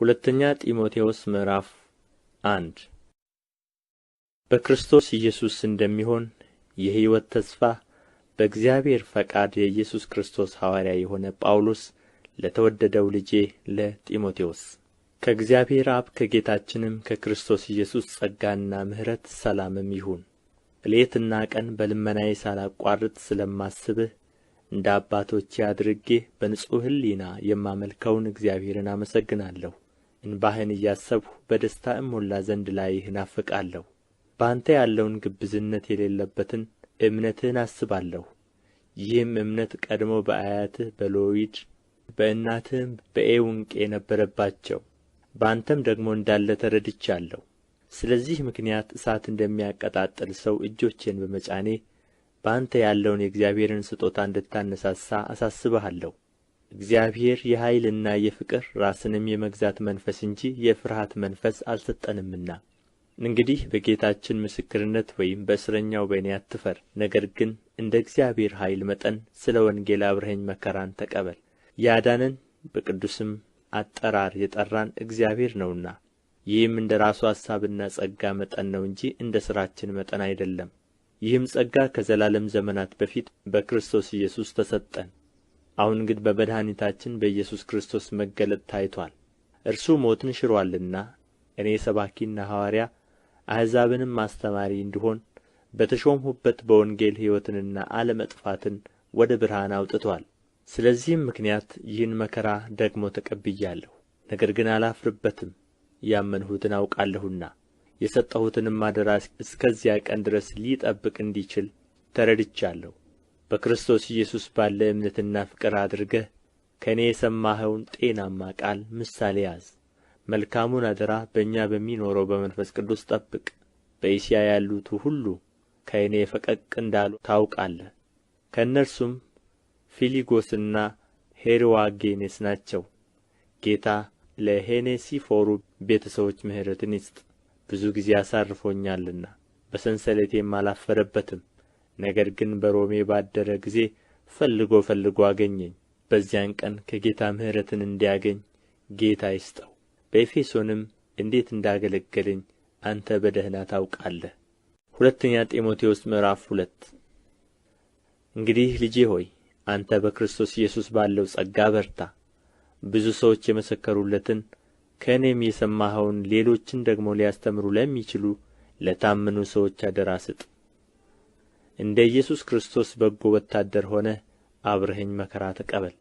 ሁለተኛ ጢሞቴዎስ ምዕራፍ አንድ በክርስቶስ ኢየሱስ እንደሚሆን የሕይወት ተስፋ በእግዚአብሔር ፈቃድ የኢየሱስ ክርስቶስ ሐዋርያ የሆነ ጳውሎስ ለተወደደው ልጄ ለጢሞቴዎስ ከእግዚአብሔር አብ ከጌታችንም ከክርስቶስ ኢየሱስ ጸጋና ምሕረት ሰላምም ይሁን። ሌትና ቀን በልመናዬ ሳላቋርጥ ስለማስብህ እንደ አባቶቼ አድርጌ በንጹሕ ሕሊና የማመልከውን እግዚአብሔርን አመሰግናለሁ። እንባህን እያሰብሁ በደስታ እሞላ ዘንድ ላይህ እናፍቃለሁ በአንተ ያለውን ግብዝነት የሌለበትን እምነትህን አስባለሁ ይህም እምነት ቀድሞ በአያትህ በሎይድ በእናትህም በኤውንቄ ነበረባቸው በአንተም ደግሞ እንዳለ ተረድቻለሁ ስለዚህ ምክንያት እሳት እንደሚያቀጣጥል ሰው እጆቼን በመጫኔ በአንተ ያለውን የእግዚአብሔርን ስጦታ እንድታነሳሳ አሳስበሃለሁ። እግዚአብሔር የኃይልና የፍቅር ራስንም የመግዛት መንፈስ እንጂ የፍርሃት መንፈስ አልሰጠንምና። እንግዲህ በጌታችን ምስክርነት ወይም በእስረኛው በእኔ አትፈር፣ ነገር ግን እንደ እግዚአብሔር ኃይል መጠን ስለ ወንጌል አብረኸኝ መከራን ተቀበል። ያዳነን በቅዱስም አጠራር የጠራን እግዚአብሔር ነውና፣ ይህም እንደ ራሱ ሐሳብና ጸጋ መጠን ነው እንጂ እንደ ሥራችን መጠን አይደለም። ይህም ጸጋ ከዘላለም ዘመናት በፊት በክርስቶስ ኢየሱስ ተሰጠን። አሁን ግን በመድኃኒታችን በኢየሱስ ክርስቶስ መገለጥ ታይቶአል እርሱ ሞትን ሽሮአልና እኔ ሰባኪና ሐዋርያ አሕዛብንም አስተማሪ እንድሆን በተሾምሁበት በወንጌል ሕይወትንና አለመጥፋትን ወደ ብርሃን አውጥቶአል ስለዚህም ምክንያት ይህን መከራ ደግሞ ተቀብያለሁ ነገር ግን አላፍርበትም ያመንሁትን አውቃለሁና የሰጠሁትንም አደራ እስከዚያ ቀን ድረስ ሊጠብቅ እንዲችል ተረድቻለሁ በክርስቶስ ኢየሱስ ባለ እምነትና ፍቅር አድርገህ ከእኔ የሰማኸውን ጤናማ ቃል ምሳሌ ያዝ። መልካሙን አደራ በእኛ በሚኖረው በመንፈስ ቅዱስ ጠብቅ። በእስያ ያሉቱ ሁሉ ከእኔ ፈቀቅ እንዳሉ ታውቃለህ። ከእነርሱም ፊሊጎስና ሄርዋጌኔስ ናቸው። ጌታ ለሄኔሲፎሩ ቤተ ሰዎች ምሕረትን ይስጥ። ብዙ ጊዜ አሳርፎኛልና በሰንሰለቴም አላፈረበትም። ነገር ግን በሮሜ ባደረ ጊዜ ፈልጎ ፈልጎ አገኘኝ። በዚያን ቀን ከጌታ ምሕረትን እንዲያገኝ ጌታ ይስጠው። በኤፌሶንም እንዴት እንዳገለገለኝ አንተ በደህና ታውቃለህ። ሁለተኛ ጢሞቴዎስ ምዕራፍ ሁለት እንግዲህ ልጄ ሆይ አንተ በክርስቶስ ኢየሱስ ባለው ጸጋ በርታ። ብዙ ሰዎች የመሰከሩለትን ከእኔም የሰማኸውን ሌሎችን ደግሞ ሊያስተምሩ ለሚችሉ ለታመኑ ሰዎች አደራ ስጥ። እንደ ኢየሱስ ክርስቶስ በጎ ወታደር ሆነህ አብረኸኝ መከራ ተቀበል።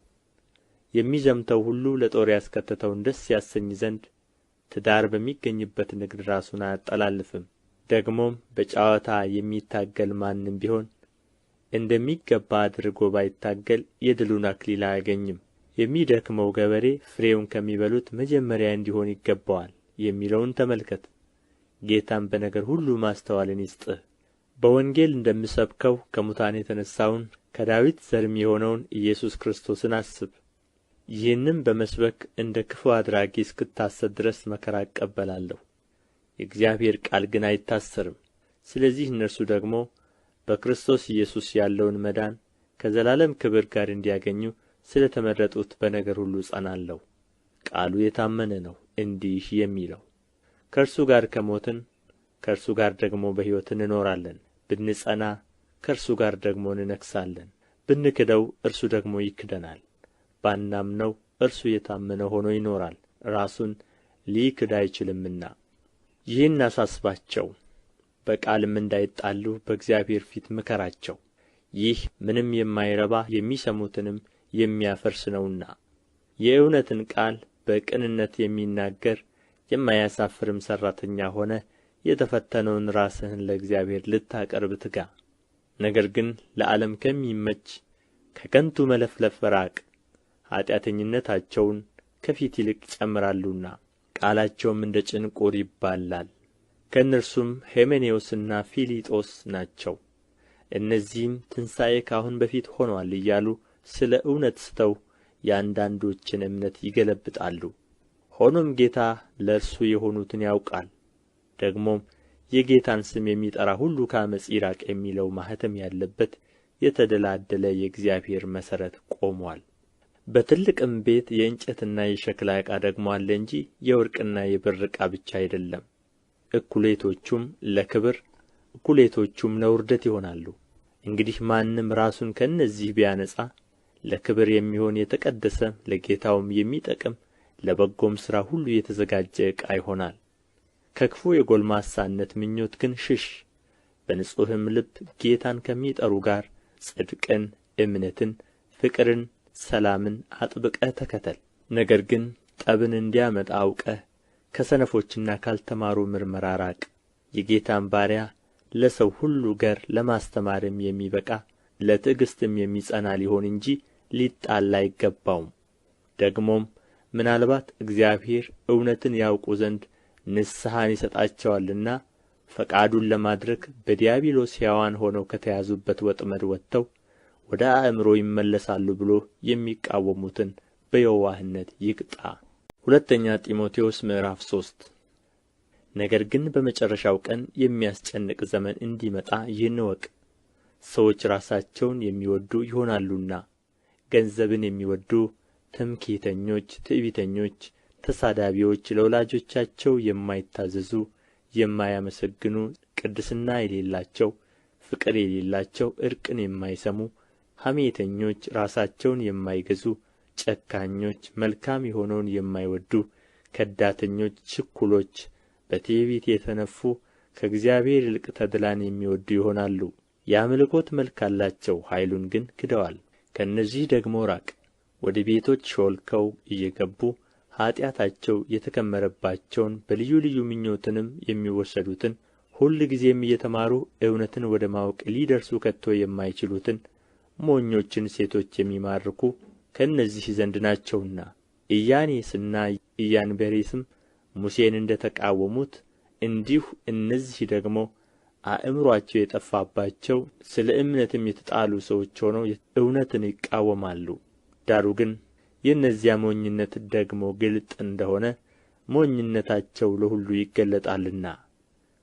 የሚዘምተው ሁሉ ለጦር ያስከተተውን ደስ ያሰኝ ዘንድ ትዳር በሚገኝበት ንግድ ራሱን አያጠላልፍም። ደግሞም በጨዋታ የሚታገል ማንም ቢሆን እንደሚገባ አድርጎ ባይታገል የድሉን አክሊል አያገኝም። የሚደክመው ገበሬ ፍሬውን ከሚበሉት መጀመሪያ እንዲሆን ይገባዋል የሚለውን ተመልከት። ጌታም በነገር ሁሉ ማስተዋልን ይስጥህ። በወንጌል እንደምሰብከው ከሙታን የተነሣውን ከዳዊት ዘርም የሆነውን ኢየሱስ ክርስቶስን አስብ ይህንም በመስበክ እንደ ክፉ አድራጊ እስክታሰር ድረስ መከራ እቀበላለሁ የእግዚአብሔር ቃል ግን አይታሰርም ስለዚህ እነርሱ ደግሞ በክርስቶስ ኢየሱስ ያለውን መዳን ከዘላለም ክብር ጋር እንዲያገኙ ስለ ተመረጡት በነገር ሁሉ እጸናለሁ ቃሉ የታመነ ነው እንዲህ የሚለው ከእርሱ ጋር ከሞትን ከእርሱ ጋር ደግሞ በሕይወት እንኖራለን ብንጸና ከእርሱ ጋር ደግሞ እንነግሣለን ብንክደው እርሱ ደግሞ ይክደናል ባናምነው እርሱ የታመነ ሆኖ ይኖራል ራሱን ሊክድ አይችልምና ይህን አሳስባቸው በቃልም እንዳይጣሉ በእግዚአብሔር ፊት ምከራቸው ይህ ምንም የማይረባ የሚሰሙትንም የሚያፈርስ ነውና የእውነትን ቃል በቅንነት የሚናገር የማያሳፍርም ሠራተኛ ሆነ የተፈተነውን ራስህን ለእግዚአብሔር ልታቀርብ ትጋ። ነገር ግን ለዓለም ከሚመች ከከንቱ መለፍለፍ ራቅ፣ ኃጢአተኝነታቸውን ከፊት ይልቅ ይጨምራሉና ቃላቸውም እንደ ጭንቁር ይባላል። ከእነርሱም ሄሜኔዎስና ፊሊጦስ ናቸው። እነዚህም ትንሣኤ ከአሁን በፊት ሆኗል እያሉ ስለ እውነት ስተው የአንዳንዶችን እምነት ይገለብጣሉ። ሆኖም ጌታ ለእርሱ የሆኑትን ያውቃል ደግሞም የጌታን ስም የሚጠራ ሁሉ ከአመፅ ይራቅ የሚለው ማኅተም ያለበት የተደላደለ የእግዚአብሔር መሠረት ቆሟል። በትልቅም ቤት የእንጨትና የሸክላ ዕቃ ደግሞ አለ እንጂ የወርቅና የብር ዕቃ ብቻ አይደለም። እኩሌቶቹም ለክብር እኩሌቶቹም ለውርደት ይሆናሉ። እንግዲህ ማንም ራሱን ከእነዚህ ቢያነጻ ለክብር የሚሆን የተቀደሰ ለጌታውም የሚጠቅም ለበጎም ሥራ ሁሉ የተዘጋጀ ዕቃ ይሆናል። ከክፉ የጎልማሳነት ምኞት ግን ሽሽ በንጹሕም ልብ ጌታን ከሚጠሩ ጋር ጽድቅን እምነትን ፍቅርን ሰላምን አጥብቀህ ተከተል ነገር ግን ጠብን እንዲያመጣ አውቀህ ከሰነፎችና ካልተማሩ ምርመራ ራቅ የጌታን ባሪያ ለሰው ሁሉ ገር ለማስተማርም የሚበቃ ለትዕግሥትም የሚጸና ሊሆን እንጂ ሊጣል አይገባውም ደግሞም ምናልባት እግዚአብሔር እውነትን ያውቁ ዘንድ ንስሐን ይሰጣቸዋልና ፈቃዱን ለማድረግ በዲያብሎስ ሕያዋን ሆነው ከተያዙበት ወጥመድ ወጥተው ወደ አእምሮ ይመለሳሉ ብሎ የሚቃወሙትን በየዋህነት ይቅጣ። ሁለተኛ ጢሞቴዎስ ምዕራፍ ሶስት ነገር ግን በመጨረሻው ቀን የሚያስጨንቅ ዘመን እንዲመጣ ይህን እወቅ። ሰዎች ራሳቸውን የሚወዱ ይሆናሉና፣ ገንዘብን የሚወዱ፣ ትምክህተኞች፣ ትዕቢተኞች ተሳዳቢዎች ለወላጆቻቸው የማይታዘዙ የማያመሰግኑ ቅድስና የሌላቸው ፍቅር የሌላቸው ዕርቅን የማይሰሙ ሐሜተኞች ራሳቸውን የማይገዙ ጨካኞች መልካም የሆነውን የማይወዱ ከዳተኞች ችኩሎች በትዕቢት የተነፉ ከእግዚአብሔር ይልቅ ተድላን የሚወዱ ይሆናሉ የአምልኮት መልክ አላቸው ኃይሉን ግን ክደዋል ከእነዚህ ደግሞ ራቅ ወደ ቤቶች ሾልከው እየገቡ ኃጢአታቸው የተከመረባቸውን በልዩ ልዩ ምኞትንም የሚወሰዱትን ሁልጊዜም እየተማሩ እውነትን ወደ ማወቅ ሊደርሱ ከቶ የማይችሉትን ሞኞችን ሴቶች የሚማርኩ ከእነዚህ ዘንድ ናቸውና ኢያኔስና ኢያንበሬስም ሙሴን እንደ ተቃወሙት እንዲሁ እነዚህ ደግሞ አእምሮአቸው የጠፋባቸው ስለ እምነትም የተጣሉ ሰዎች ሆነው እውነትን ይቃወማሉ ዳሩ ግን የእነዚያ ሞኝነት ደግሞ ግልጥ እንደ ሆነ ሞኝነታቸው ለሁሉ ይገለጣልና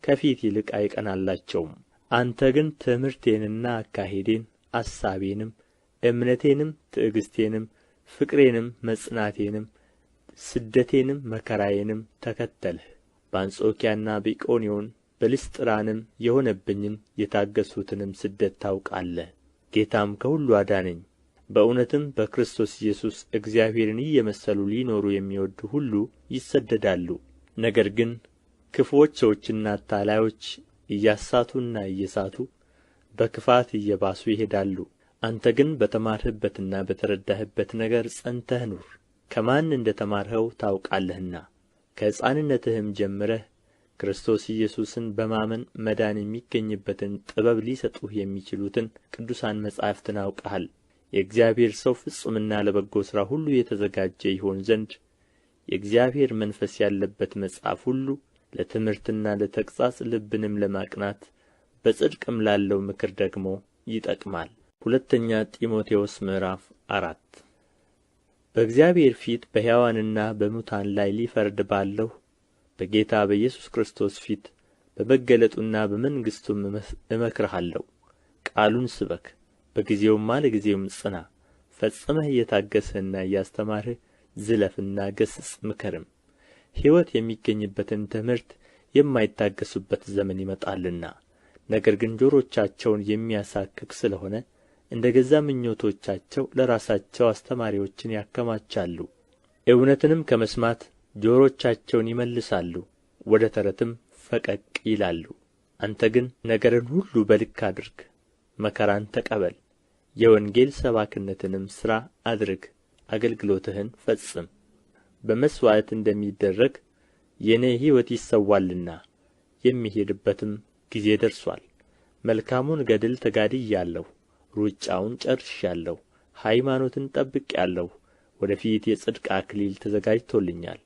ከፊት ይልቅ አይቀናላቸውም አንተ ግን ትምህርቴንና አካሄዴን አሳቤንም እምነቴንም ትዕግሥቴንም ፍቅሬንም መጽናቴንም ስደቴንም መከራዬንም ተከተልህ በአንጾኪያና በኢቆንዮን በልስጥራንም የሆነብኝን የታገሱትንም ስደት ታውቃለህ ጌታም ከሁሉ አዳነኝ በእውነትም በክርስቶስ ኢየሱስ እግዚአብሔርን እየመሰሉ ሊኖሩ የሚወዱ ሁሉ ይሰደዳሉ። ነገር ግን ክፉዎች ሰዎችና አታላዮች እያሳቱና እየሳቱ በክፋት እየባሱ ይሄዳሉ። አንተ ግን በተማርህበትና በተረዳህበት ነገር ጸንተህ ኑር፣ ከማን እንደ ተማርኸው ታውቃለህና። ከሕፃንነትህም ጀምረህ ክርስቶስ ኢየሱስን በማመን መዳን የሚገኝበትን ጥበብ ሊሰጡህ የሚችሉትን ቅዱሳን መጻሕፍትን አውቀሃል። የእግዚአብሔር ሰው ፍጹምና ለበጎ ሥራ ሁሉ የተዘጋጀ ይሆን ዘንድ የእግዚአብሔር መንፈስ ያለበት መጽሐፍ ሁሉ ለትምህርትና ለተግሣጽ ልብንም ለማቅናት በጽድቅም ላለው ምክር ደግሞ ይጠቅማል። ሁለተኛ ጢሞቴዎስ ምዕራፍ አራት በእግዚአብሔር ፊት በሕያዋንና በሙታን ላይ ሊፈርድ ባለው በጌታ በኢየሱስ ክርስቶስ ፊት በመገለጡና በመንግሥቱም እመክርሃለሁ። ቃሉን ስበክ፣ በጊዜውም አለጊዜውም ጽና ፈጽመህ እየታገስህና እያስተማርህ ዝለፍና ገስጽ ምከርም ሕይወት የሚገኝበትን ትምህርት የማይታገሱበት ዘመን ይመጣልና ነገር ግን ጆሮቻቸውን የሚያሳክክ ስለ ሆነ እንደ ገዛ ምኞቶቻቸው ለራሳቸው አስተማሪዎችን ያከማቻሉ እውነትንም ከመስማት ጆሮቻቸውን ይመልሳሉ ወደ ተረትም ፈቀቅ ይላሉ አንተ ግን ነገርን ሁሉ በልክ አድርግ መከራን ተቀበል የወንጌል ሰባክነትንም ሥራ አድርግ አገልግሎትህን ፈጽም በመሥዋዕት እንደሚደረግ የእኔ ሕይወት ይሰዋልና የሚሄድበትም ጊዜ ደርሷል። መልካሙን ገድል ተጋድያለሁ ሩጫውን ጨርሻለሁ ሃይማኖትን ጠብቄአለሁ ወደ ፊት የጽድቅ አክሊል ተዘጋጅቶልኛል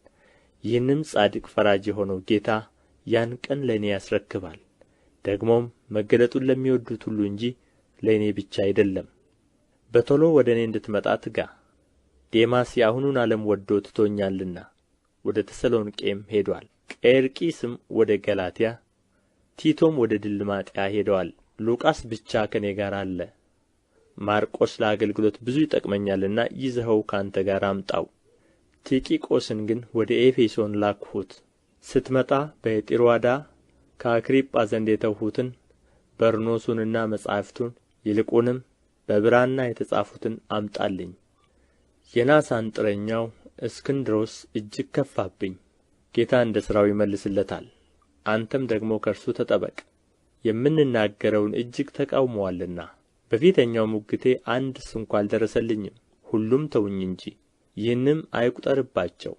ይህንም ጻድቅ ፈራጅ የሆነው ጌታ ያን ቀን ለእኔ ያስረክባል ደግሞም መገለጡን ለሚወዱት ሁሉ እንጂ ለእኔ ብቻ አይደለም በቶሎ ወደ እኔ እንድትመጣ ትጋ ዴማስ የአሁኑን ዓለም ወዶ ትቶኛልና ወደ ተሰሎንቄም ሄዶአል ቄርቂስም ወደ ገላትያ ቲቶም ወደ ድልማጥያ ሄደዋል ሉቃስ ብቻ ከእኔ ጋር አለ ማርቆስ ለአገልግሎት ብዙ ይጠቅመኛልና ይዘኸው ከአንተ ጋር አምጣው ቲቂቆስን ግን ወደ ኤፌሶን ላክሁት ስትመጣ በጢሮአዳ ከአክሪጳ ዘንድ የተውሁትን በርኖሱንና መጻሕፍቱን ይልቁንም በብራና የተጻፉትን አምጣልኝ የናስ አንጥረኛው እስክንድሮስ እጅግ ከፋብኝ ጌታ እንደ ሥራው ይመልስለታል አንተም ደግሞ ከእርሱ ተጠበቅ የምንናገረውን እጅግ ተቃውመዋልና በፊተኛው ሙግቴ አንድ ስንኳ አልደረሰልኝም ሁሉም ተውኝ እንጂ ይህንም አይቁጠርባቸው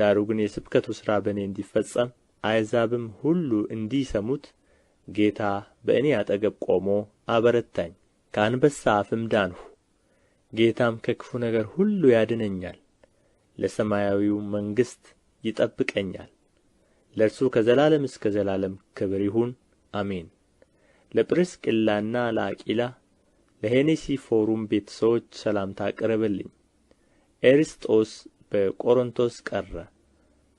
ዳሩ ግን የስብከቱ ሥራ በእኔ እንዲፈጸም አሕዛብም ሁሉ እንዲሰሙት ጌታ በእኔ አጠገብ ቆሞ አበረታኝ ከአንበሳ አፍም ዳንሁ ጌታም ከክፉ ነገር ሁሉ ያድነኛል ለሰማያዊው መንግሥት ይጠብቀኛል ለእርሱ ከዘላለም እስከ ዘላለም ክብር ይሁን አሜን ለጵርስቅላና ለአቂላ ለሄኔሲፎሩም ቤተ ሰዎች ሰላምታ አቅርብልኝ ኤርስጦስ በቆሮንቶስ ቀረ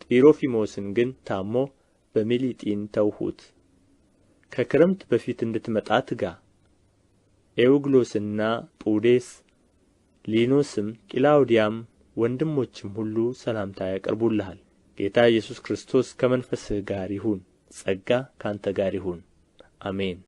ጢሮፊሞስን ግን ታሞ በሚሊጢን ተውሁት ከክረምት በፊት እንድትመጣ ትጋ ኤውግሎስና ጱዴስ ሊኖስም ቂላውዲያም ወንድሞችም ሁሉ ሰላምታ ያቀርቡልሃል ጌታ ኢየሱስ ክርስቶስ ከመንፈስህ ጋር ይሁን ጸጋ ካንተ ጋር ይሁን አሜን